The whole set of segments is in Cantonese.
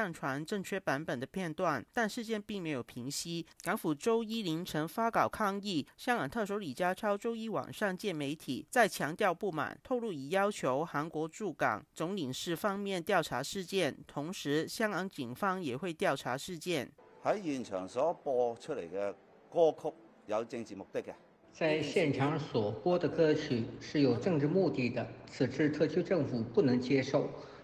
上傳正確版本的片段，但事件並沒有平息。港府周一凌晨發稿抗議，香港特首李家超周一晚上見媒體，再強調不滿，透露已要求韓國駐港總領事方面調查事件，同時香港警方也會調查事件，喺現場所播出嚟嘅歌曲有政治目的嘅，在現場所播的歌曲是有政治目的的，此次特區政府不能接受。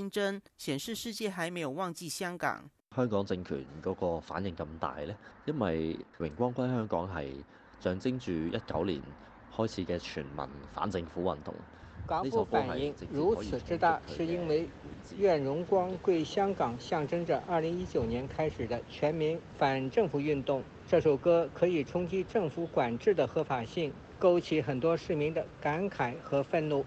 新增顯示世界還沒有忘記香港。香港政權嗰個反應咁大呢？因為《榮光歸香港》係象徵住一九年開始嘅全民反政府運動。港府反應如此之大，是因為《願榮光歸香港》象徵着二零一九年開始的全民反政府運動。這首歌可以衝擊政府管制的合法性，勾起很多市民的感慨和憤怒。